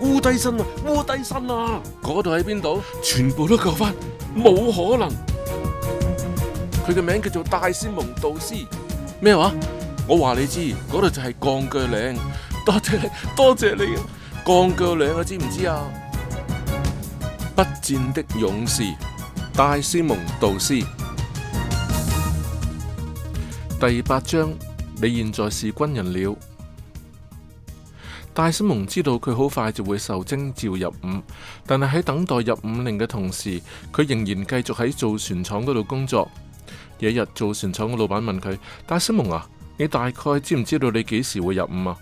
烏低身啊，烏低身啊！嗰度喺邊度？全部都救翻，冇可能。佢嘅名叫做戴斯蒙杜斯，咩話？我話你知，嗰度就係鋼鋸嶺。多謝你，多謝你、啊，鋼鋸嶺啊，知唔知啊？不戰的勇士，戴斯蒙杜斯。第八章，你現在是軍人了。戴斯蒙知道佢好快就會受徵召入伍，但係喺等待入伍令嘅同時，佢仍然繼續喺造船廠嗰度工作。有一日，日，造船廠嘅老闆問佢：戴斯蒙啊，你大概知唔知道你幾時會入伍啊？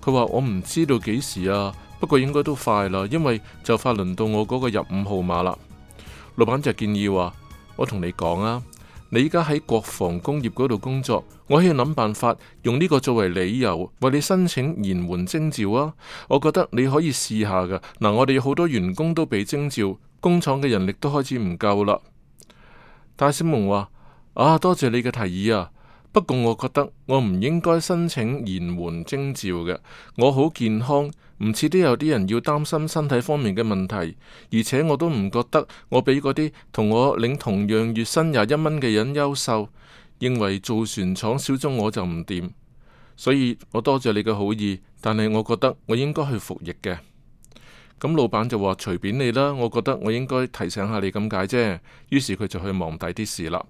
佢話：我唔知道幾時啊，不過應該都快啦，因為就快輪到我嗰個入伍號碼啦。老闆就建議話：我同你講啊，你依家喺國防工業嗰度工作。我要諗辦法用呢個作為理由，為你申請延緩徵召啊！我覺得你可以試下噶。嗱，我哋好多員工都被徵召，工廠嘅人力都開始唔夠啦。戴斯蒙話：啊，多謝你嘅提議啊！不過我覺得我唔應該申請延緩徵召嘅，我好健康，唔似啲有啲人要擔心身體方面嘅問題，而且我都唔覺得我比嗰啲同我領同樣月薪廿一蚊嘅人優秀。認為造船廠少咗我就唔掂，所以我多謝你嘅好意，但係我覺得我應該去服役嘅。咁老闆就話隨便你啦，我覺得我應該提醒下你咁解啫。於是佢就去忙第啲事啦。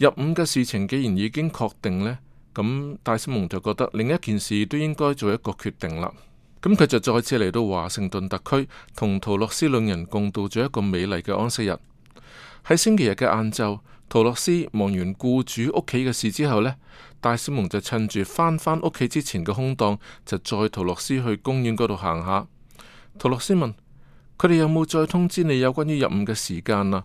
入伍嘅事情既然已經確定呢，咁戴斯蒙就覺得另一件事都應該做一個決定啦。咁佢就再次嚟到華盛頓特區，同圖洛斯兩人共度咗一個美麗嘅安息日。喺星期日嘅晏晝。陶洛斯忙完雇主屋企嘅事之後呢戴斯蒙就趁住翻返屋企之前嘅空檔，就載陶洛斯去公園嗰度行下。陶洛斯問：佢哋有冇再通知你有關於入伍嘅時間啊？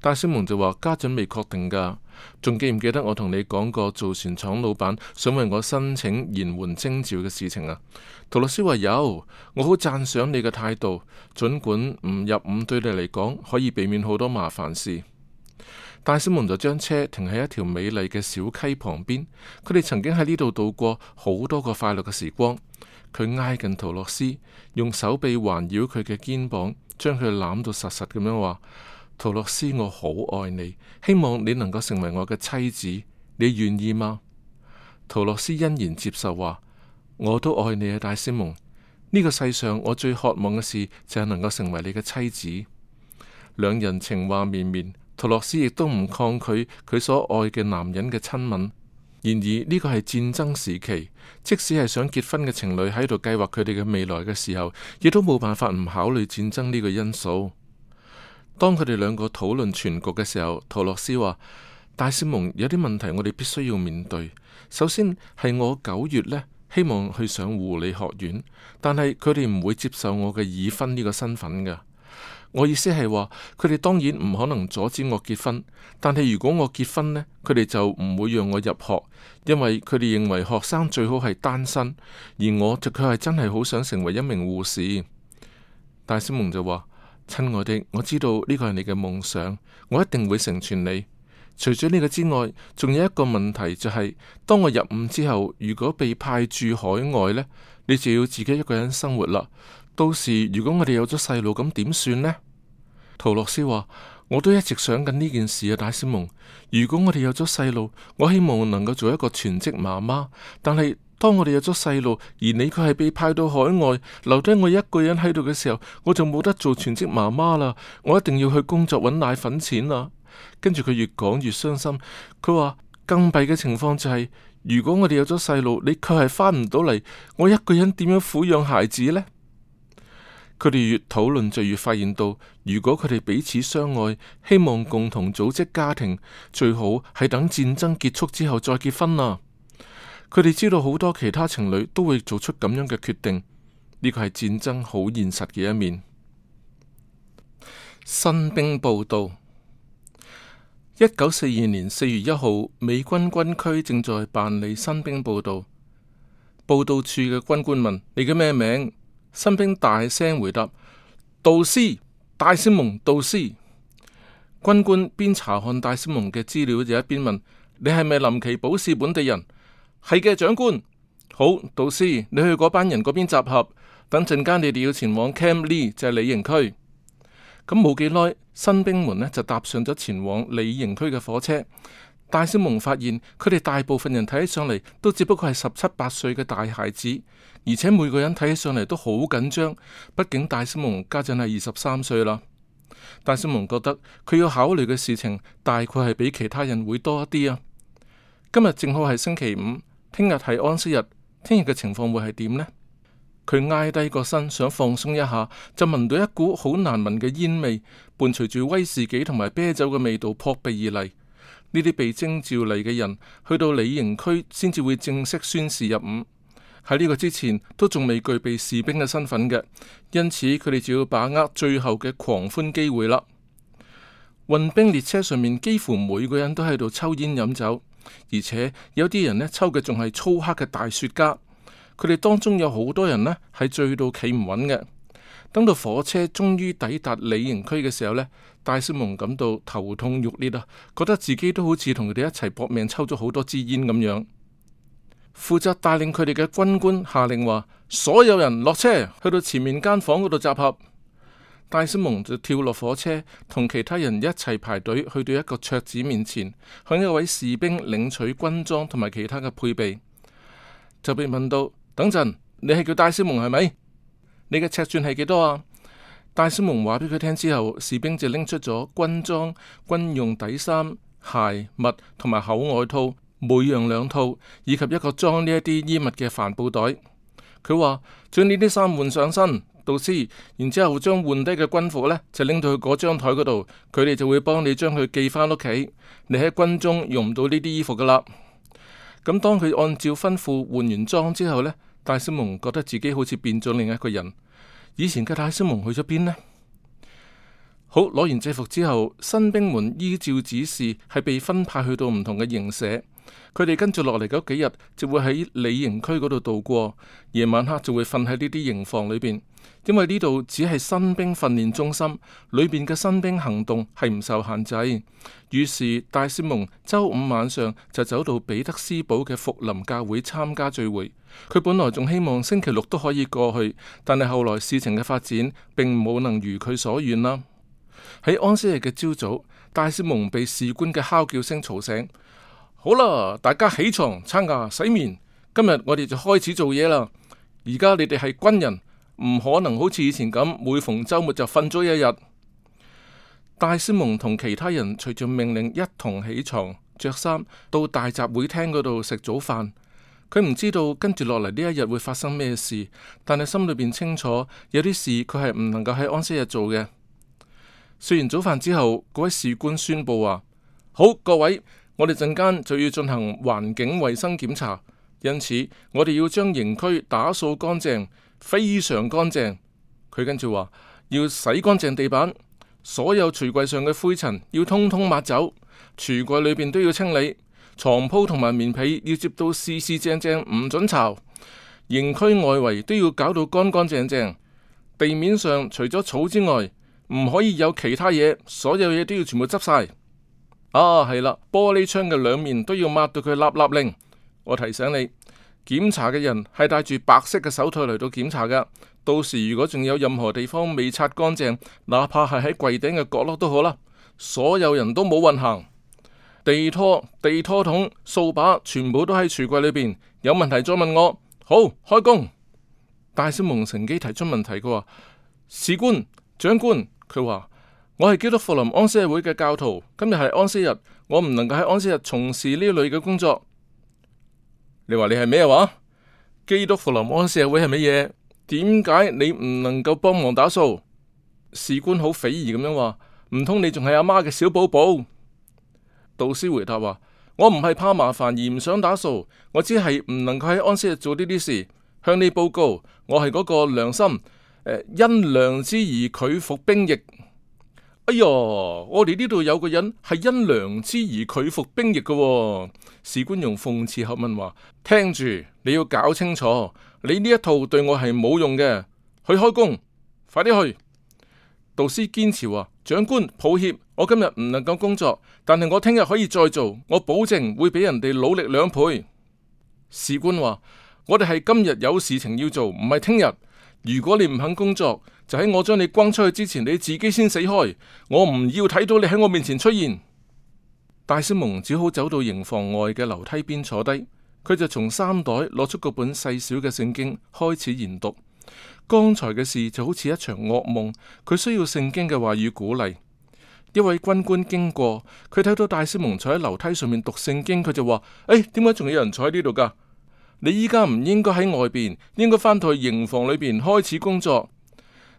戴斯蒙就話：家陣未確定噶，仲記唔記得我同你講過造船廠老闆想為我申請延緩徵召嘅事情啊？陶洛斯話：有，我好讚賞你嘅態度，盡管唔入伍對你嚟講可以避免好多麻煩事。戴斯蒙就將車停喺一條美麗嘅小溪旁邊，佢哋曾經喺呢度度過好多個快樂嘅時光。佢挨近陶洛斯，用手臂環繞佢嘅肩膀，將佢攬到實實咁樣話：陶洛斯，我好愛你，希望你能夠成為我嘅妻子，你願意嗎？陶洛斯欣然接受，話：我都愛你啊，戴斯蒙。呢、這個世上我最渴望嘅事就係能夠成為你嘅妻子。兩人情話綿綿。托洛斯亦都唔抗拒佢所愛嘅男人嘅親吻。然而呢個係戰爭時期，即使係想結婚嘅情侶喺度計劃佢哋嘅未來嘅時候，亦都冇辦法唔考慮戰爭呢個因素。當佢哋兩個討論全局嘅時候，托洛斯話：戴斯蒙有啲問題，我哋必須要面對。首先係我九月呢，希望去上護理學院，但係佢哋唔會接受我嘅已婚呢個身份㗎。我意思係話，佢哋當然唔可能阻止我結婚，但係如果我結婚呢，佢哋就唔會讓我入學，因為佢哋認為學生最好係單身。而我就佢係真係好想成為一名護士。戴斯蒙就話：，親愛的，我知道呢個係你嘅夢想，我一定會成全你。除咗呢個之外，仲有一個問題就係、是，當我入伍之後，如果被派駐海外呢，你就要自己一個人生活啦。到時如果我哋有咗細路，咁點算呢？陶洛斯話：，我都一直想緊呢件事啊，戴斯蒙。如果我哋有咗細路，我希望能夠做一個全職媽媽。但係當我哋有咗細路，而你佢係被派到海外，留低我一個人喺度嘅時候，我就冇得做全職媽媽啦。我一定要去工作揾奶粉錢啦。跟住佢越講越傷心，佢話更弊嘅情況就係、是，如果我哋有咗細路，你卻係翻唔到嚟，我一個人點樣撫養孩子呢？佢哋越討論就越發現到，如果佢哋彼此相愛，希望共同組織家庭，最好係等戰爭結束之後再結婚啦。佢哋知道好多其他情侶都會做出咁樣嘅決定，呢個係戰爭好現實嘅一面。新兵報道，一九四二年四月一號，美軍軍區正在辦理新兵報道。報道處嘅軍官問：你嘅咩名？新兵大聲回答：杜斯，戴斯蒙，杜斯。軍官邊查看戴斯蒙嘅資料，就一邊問：你係咪林奇堡市本地人？係嘅，長官。好，杜斯，你去嗰班人嗰邊集合，等陣間你哋要前往 Camp Lee，就係里營區。咁冇幾耐，新兵們呢就搭上咗前往里營區嘅火車。戴斯蒙發現，佢哋大部分人睇起上嚟都只不過係十七八歲嘅大孩子，而且每個人睇起上嚟都好緊張。畢竟戴斯蒙家陣係二十三歲啦。戴斯蒙覺得佢要考慮嘅事情大概係比其他人會多一啲啊。今日正好係星期五，聽日係安息日，聽日嘅情況會係點呢？佢挨低個身想放鬆一下，就聞到一股好難聞嘅煙味，伴隨住威士忌同埋啤酒嘅味道撲鼻而嚟。呢啲被徵召嚟嘅人，去到裏營區先至會正式宣誓入伍。喺呢個之前，都仲未具備士兵嘅身份嘅，因此佢哋就要把握最後嘅狂歡機會啦。運兵列車上面幾乎每個人都喺度抽煙飲酒，而且有啲人呢，抽嘅仲係粗黑嘅大雪茄。佢哋當中有好多人呢，係醉到企唔穩嘅。等到火車終於抵達里營區嘅時候呢，戴斯蒙感到頭痛欲裂啊，覺得自己都好似同佢哋一齊搏命抽咗好多支煙咁樣。負責帶領佢哋嘅軍官下令話：所有人落車去到前面間房嗰度集合。戴斯蒙就跳落火車，同其他人一齊排隊去到一個桌子面前，向一位士兵領取軍裝同埋其他嘅配備，就被問到：等陣，你係叫戴斯蒙係咪？是你嘅尺寸係幾多啊？戴斯蒙話俾佢聽之後，士兵就拎出咗軍裝、軍用底衫、鞋、襪同埋厚外套，每樣兩套，以及一個裝呢一啲衣物嘅帆布袋。佢話將呢啲衫換上身，導師，然之後將換低嘅軍服呢就拎到去嗰張台嗰度，佢哋就會幫你將佢寄返屋企。你喺軍中用唔到呢啲衣服噶啦。咁當佢按照吩咐換完裝之後呢。戴斯蒙覺得自己好似變咗另一個人，以前嘅戴斯蒙去咗邊呢？好，攞完制服之後，新兵們依照指示係被分派去到唔同嘅營舍。佢哋跟住落嚟嗰幾日，就會喺理營區嗰度度過。夜晚黑就會瞓喺呢啲營房裏邊，因為呢度只係新兵訓練中心，裏邊嘅新兵行動係唔受限制。於是戴斯蒙周五晚上就走到彼得斯堡嘅福林教會參加聚會。佢本來仲希望星期六都可以過去，但係後來事情嘅發展並冇能如佢所願啦。喺安息日嘅朝早，戴斯蒙被士官嘅敲叫聲吵醒。好啦，大家起床、刷牙、洗面。今日我哋就開始做嘢啦。而家你哋係軍人，唔可能好似以前咁每逢週末就瞓咗一日。戴斯蒙同其他人隨住命令一同起床，着衫，到大集會廳嗰度食早飯。佢唔知道跟住落嚟呢一日會發生咩事，但係心裏邊清楚有啲事佢係唔能夠喺安息日做嘅。食完早飯之後，嗰位士官宣布話：好，各位。我哋陣間就要進行環境衛生檢查，因此我哋要將營區打掃乾淨，非常乾淨。佢跟住話要洗乾淨地板，所有櫥櫃上嘅灰塵要通通抹走，櫥櫃裏邊都要清理，床鋪同埋棉被要摺到四四正正，唔准巢。營區外圍都要搞到乾乾淨淨，地面上除咗草之外，唔可以有其他嘢，所有嘢都要全部執晒。啊，係啦，玻璃窗嘅兩面都要抹到佢立立令。我提醒你，檢查嘅人係戴住白色嘅手套嚟到檢查噶。到時如果仲有任何地方未擦乾淨，哪怕係喺櫃頂嘅角落都好啦。所有人都冇運行，地拖、地拖桶、掃把全部都喺櫥櫃裏邊。有問題再問我。好，開工。戴斯蒙乘機提出問題，佢話：士官、長官，佢話。我係基督復臨安息日會嘅教徒，今日係安息日，我唔能夠喺安息日從事呢類嘅工作。你話你係咩話？基督復臨安息日會係乜嘢？點解你唔能夠幫忙打掃？士官好匪夷咁樣話，唔通你仲係阿媽嘅小寶寶？導師回答話：我唔係怕麻煩而唔想打掃，我只係唔能夠喺安息日做呢啲事。向你報告，我係嗰個良心、呃、因良知而拒服兵役。哎喲，我哋呢度有個人係因良知而拒服兵役嘅、哦。士官用諷刺口吻話：聽住，你要搞清楚，你呢一套對我係冇用嘅。去開工，快啲去。導師堅持話，長官抱歉，我今日唔能夠工作，但係我聽日可以再做，我保證會俾人哋努力兩倍。士官話：我哋係今日有事情要做，唔係聽日。如果你唔肯工作，就喺我將你轟出去之前，你自己先死開！我唔要睇到你喺我面前出現。戴斯蒙只好走到營房外嘅樓梯邊坐低，佢就從衫袋攞出個本細小嘅聖經開始研讀。剛才嘅事就好似一場噩夢，佢需要聖經嘅話語鼓勵。一位軍官經過，佢睇到戴斯蒙坐喺樓梯上面讀聖經，佢就話：誒、欸，點解仲有人坐喺呢度噶？你依家唔應該喺外邊，應該返到去營房裏邊開始工作。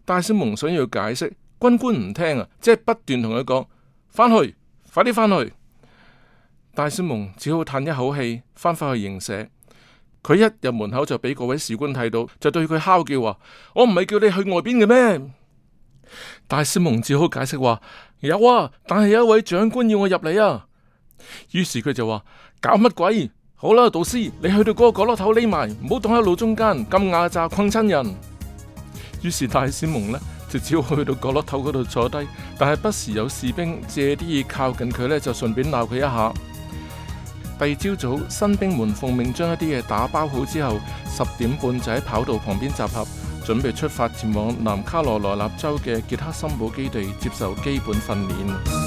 戴斯蒙想要解釋，軍官唔聽啊，即係不斷同佢講返去，快啲返去。戴斯蒙只好嘆一口氣，返返去營舍。佢一入門口就俾嗰位士官睇到，就對佢敲叫話：我唔係叫你去外邊嘅咩？戴斯蒙只好解釋話：有啊，但係有一位長官要我入嚟。啊，於是佢就話：搞乜鬼？好啦，導師，你去到嗰個角落頭匿埋，唔好擋喺路中間，咁壓榨困親人。於是戴斯蒙呢，就只好去到角落頭嗰度坐低，但係不時有士兵借啲嘢靠近佢呢，就順便鬧佢一下。第二朝早，新兵們奉命將一啲嘢打包好之後，十點半就喺跑道旁邊集合，準備出發前往南卡羅來納州嘅傑克森堡基地接受基本訓練。